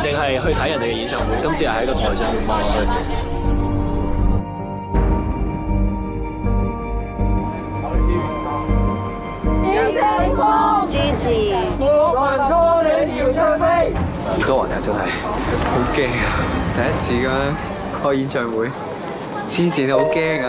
淨係去睇人哋嘅演唱會，今次係喺個台上面望落去。嘅星光支持我，問錯你姚暢飛。好多人都喺度睇，好勁啊！第一次咁樣開演唱會，黐線，你好驚啊！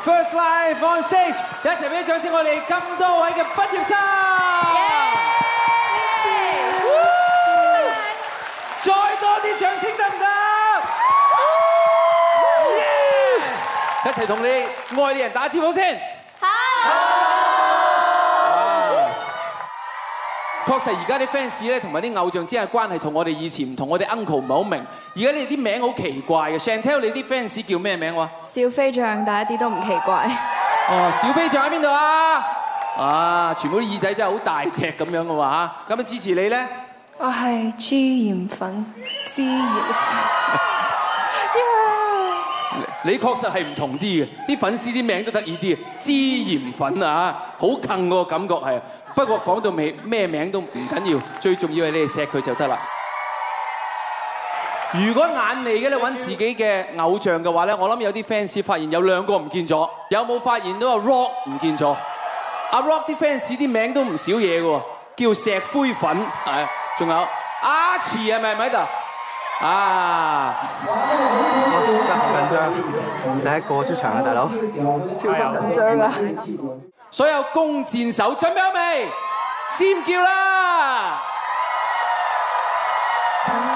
First live on stage，一齊俾啲掌聲，我哋咁多位嘅畢業生。再多啲掌聲得唔得？一齊同你愛嘅人打招呼先。好。確實而家啲 fans 咧，同埋啲偶像之間嘅關係，同我哋以前唔同，我哋 uncle 唔係好明。而家你哋啲名好奇怪嘅，Chantelle，你啲 fans 叫咩名喎？小飛象，但係一啲都唔奇怪。哦，小飛象喺邊度啊？啊，全部啲耳仔真係好大隻咁樣嘅喎嚇，咁、啊、樣支持你咧？我係孜然粉，孜然 粉、yeah. 你。你確實係唔同啲嘅，啲粉絲啲名都得意啲孜然粉啊，好 近嗰個感覺係。不過講到尾咩名都唔緊要，最重要係你哋錫佢就得啦。如果眼眉嘅你揾自己嘅偶像嘅話咧，我諗有啲 fans 發現有兩個唔見咗。有冇發現到阿 Rock 唔見咗？阿 Rock 啲 fans 啲名都唔少嘢嘅喎，叫石灰粉係，仲、哎、有阿馳，係咪喺度？啊！我真心好緊張，哦、一第一個出場嘅大佬，超級緊張啊！哎、所有弓箭手準備好未？尖叫啦！啊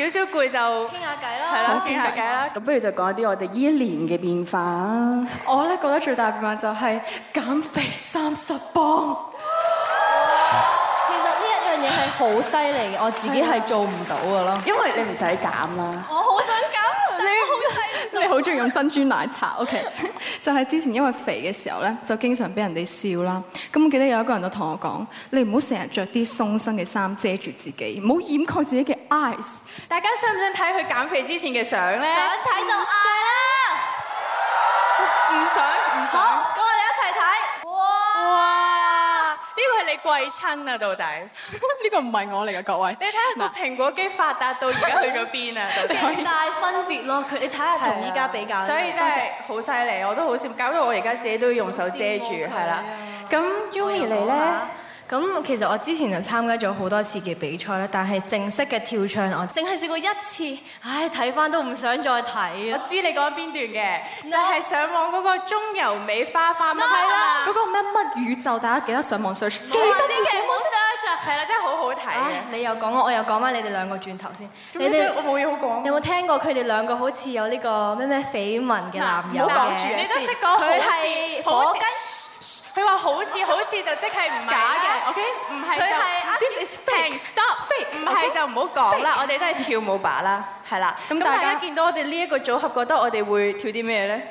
少少攰就傾下偈啦，係啦，傾下偈啦。咁不如就講一啲我哋依一年嘅變化。我咧覺得最大變化就係減肥三十磅。其實呢一樣嘢係好犀利嘅，我自己係做唔到㗎咯。因為你唔使減啦。好中意飲珍珠奶茶，OK？ 就係之前因為肥嘅時候咧，就經常俾人哋笑啦。咁我記得有一個人就同我講：你唔好成日着啲鬆身嘅衫遮住自己，唔好掩蓋自己嘅 eyes。大家想唔想睇佢減肥之前嘅相咧？想睇就嗌啦！唔想唔想。唔想貴親啊！到底呢個唔係我嚟㗎，各位。你睇下個蘋果機發達到而家去咗邊啊？巨大分別咯，佢你睇下同依家比較，所以真係好犀利，我都好羨慕，搞到我而家自己都要用手遮住，係啦。咁 Yumi 呢？咁其實我之前就參加咗好多次嘅比賽啦，但係正式嘅跳唱我淨係試過一次，唉，睇翻都唔想再睇。我知你講邊段嘅，就係上網嗰個中油美花花咩啦？嗰個乜乜宇宙，大家記得上網 search。記得自己 search 啊，係啦，真係好好睇。你又講我，我又講翻你哋兩個轉頭先。你哋我冇嘢好講。有冇聽過佢哋兩個好似有呢個咩咩緋聞嘅男友嘅？你都識講，佢係火雞。佢話好似好似就即係唔假嘅的，OK？唔係就，this is fake stop fake，唔係就唔好講啦，Fake. 我哋都係跳舞把啦，係啦。咁大家見到我哋呢一個組合，覺得我哋會跳啲咩咧？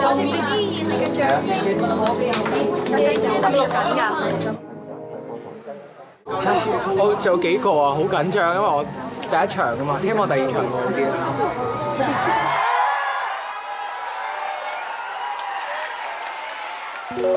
就你最熱烈嘅掌聲，我仲有幾個啊，好緊張，因為我第一場啊嘛，希望第二場過好啲。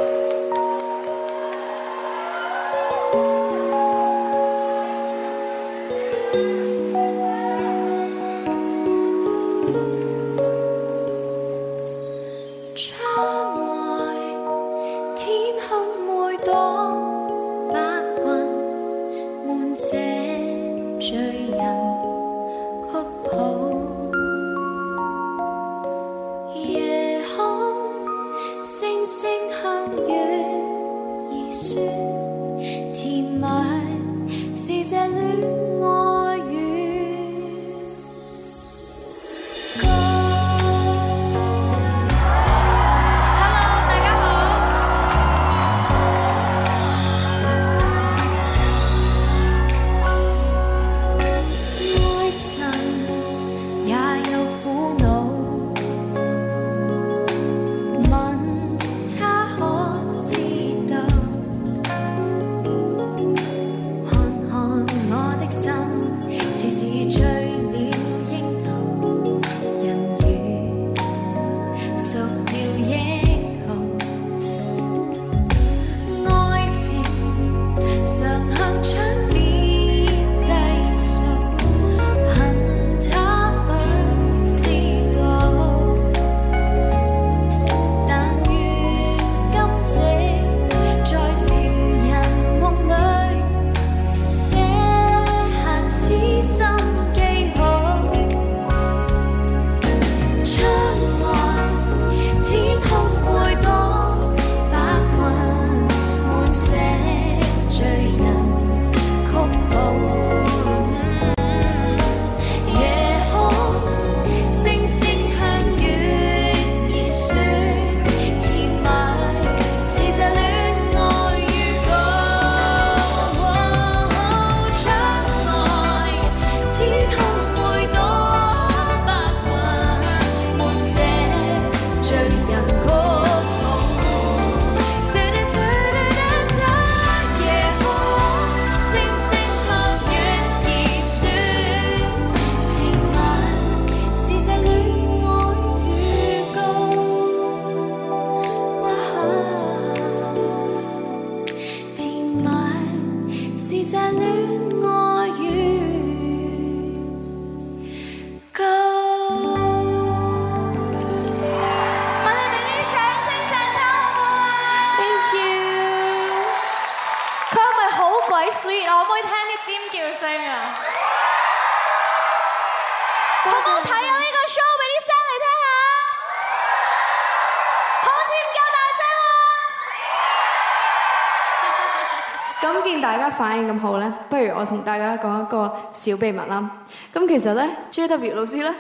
咁好咧，不如我同大家講一個小秘密啦。咁其實咧，JW 老師咧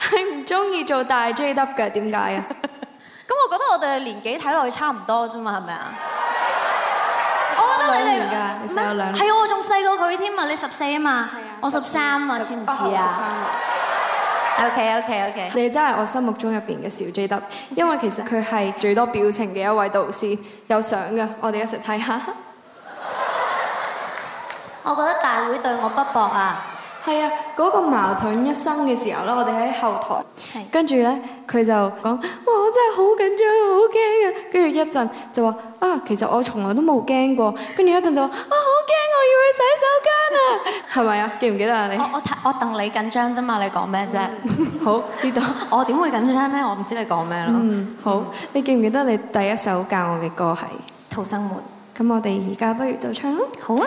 係唔中意做大 JW 嘅，點解啊？咁我覺得我哋年紀睇落去差唔多啫嘛，係咪啊？我覺得你哋咩？係我仲細過佢添啊？你十四啊嘛，我十三啊，似唔似啊？OK，OK，OK，你真係我心目中入邊嘅小 JW，因為其實佢係最多表情嘅一位導師，有相噶，我哋一齊睇下。我覺得大會對我不薄啊！係啊，嗰個矛盾一生嘅時候咧，我哋喺後台，跟住咧佢就講：哇！我真係好緊張，好驚啊！跟住一陣就話：啊，其實我從來都冇驚過。跟住一陣就話：我好驚，我要去洗手間啊！係咪啊？記唔記得啊？你我我我等你緊張啫嘛？你講咩啫？ 好，知道。 我點會緊張咧？我唔知你講咩咯。嗯，好。你記唔記得你第一首教我嘅歌係《逃生門》？咁我哋而家不如就唱啦。好啊！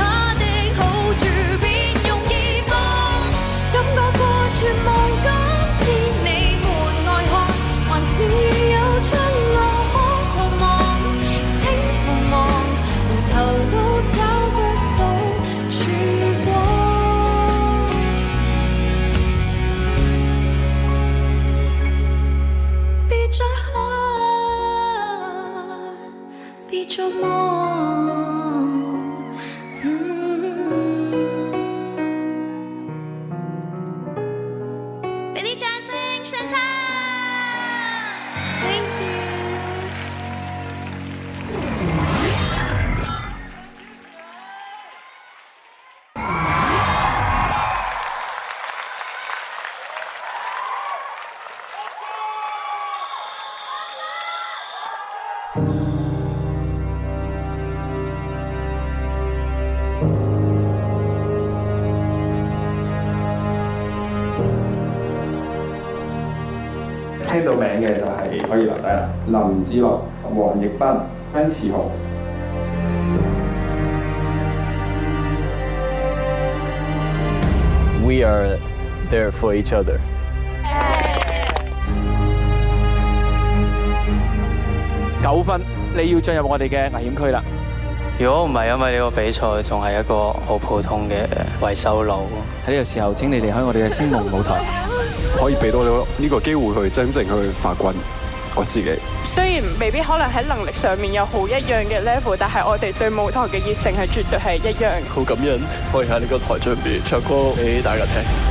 子樂、黃奕斌、張馳豪，We are there for each other。九分，你要進入我哋嘅危險區啦！如果唔係，因為呢個比賽仲係一個好普通嘅維修路，喺呢個時候請你離開我哋嘅聲夢舞台， 可以俾到你呢個機會去真正去發掘。自己雖然未必可能喺能力上面有好一樣嘅 level，但係我哋對舞台嘅熱誠係絕對係一樣。好感恩，可以喺呢個台上面唱歌俾大家聽。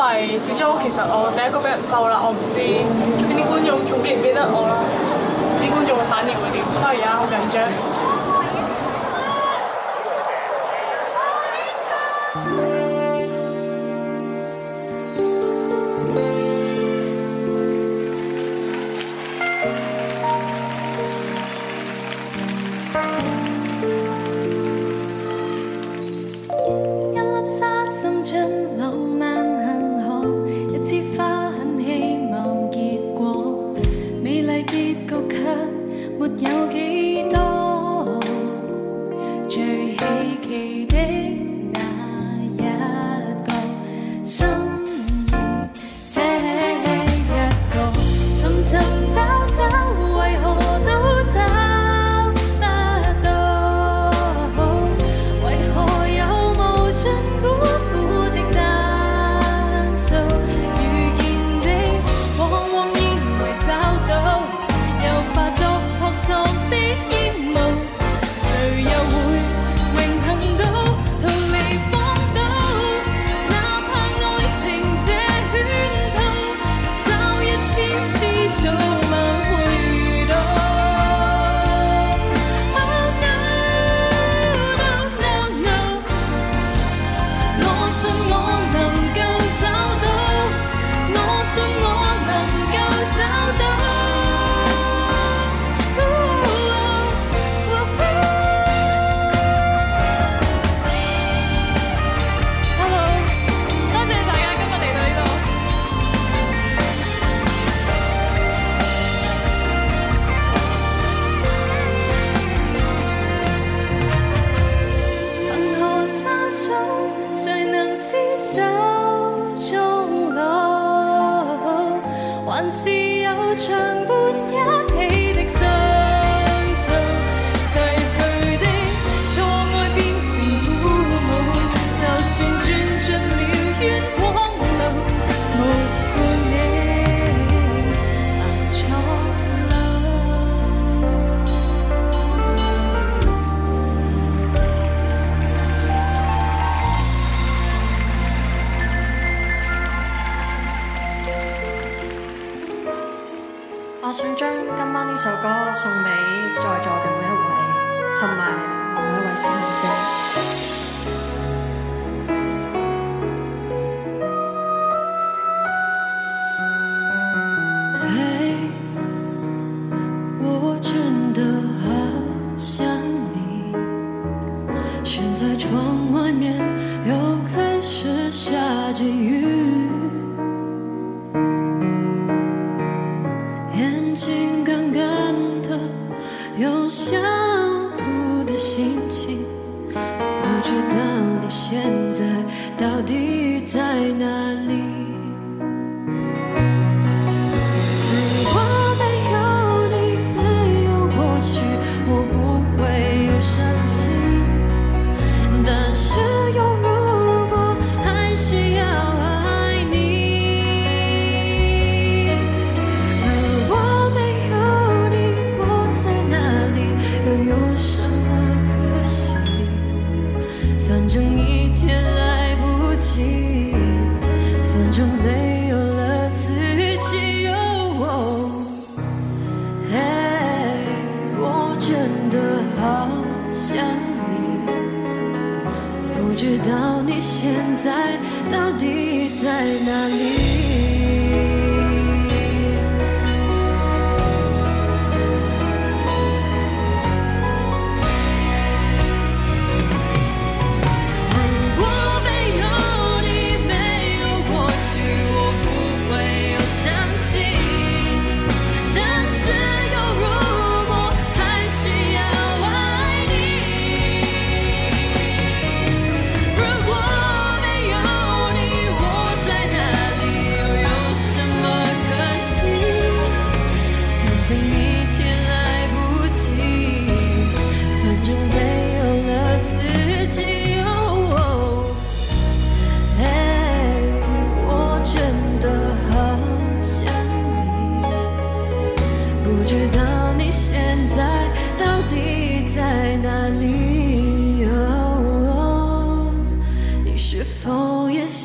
因為始終其實我第一個俾人報啦，我唔知邊啲觀眾仲記唔記得我啦，唔知觀眾嘅反應會點，所以而家好緊張。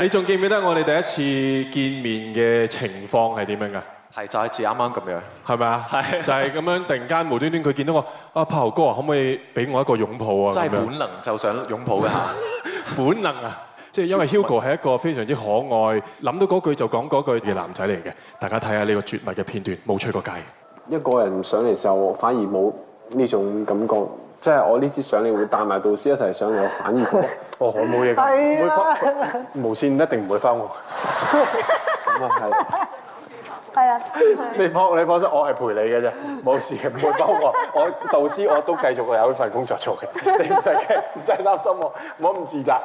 你仲記唔記得我哋第一次見面嘅情況係點樣噶？係就係似啱啱咁樣吧，係咪啊？係就係咁樣，突然間無端端佢見到我阿柏豪哥啊，可唔可以俾我一個擁抱啊？真係本能就想擁抱嘅嚇，本能啊！即係因為 Hugo 係一個非常之可愛，諗到嗰句就講嗰句嘅男仔嚟嘅。大家睇下呢個絕密嘅片段，冇出過街。一個人上嚟時候反而冇呢種感覺。即係我呢次上，你會帶埋導師一齊上我反而，我我冇嘢，冇翻，無線一定唔會翻我樣。咁啊，係。係啊。你放你放心，我係陪你嘅啫，冇事嘅，唔會翻我。我導師我都繼續有呢份工作做嘅，你唔使驚，唔使擔心我，唔好咁自責。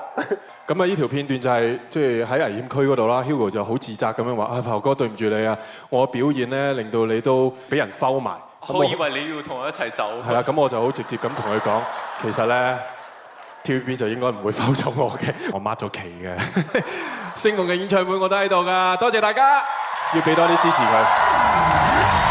咁啊，呢條片段就係即係喺危險區嗰度啦。Hugo 就好自責咁樣話：啊，頭哥對唔住你啊，我表現咧令到你都俾人收埋。好，我以為你要同我一齊走。係啦，咁我就好直接咁同佢講，其實咧，TVB 就應該唔會否走我嘅，我抹咗旗嘅。星夢嘅演唱會我都喺度噶，多謝大家，要俾多啲支持佢。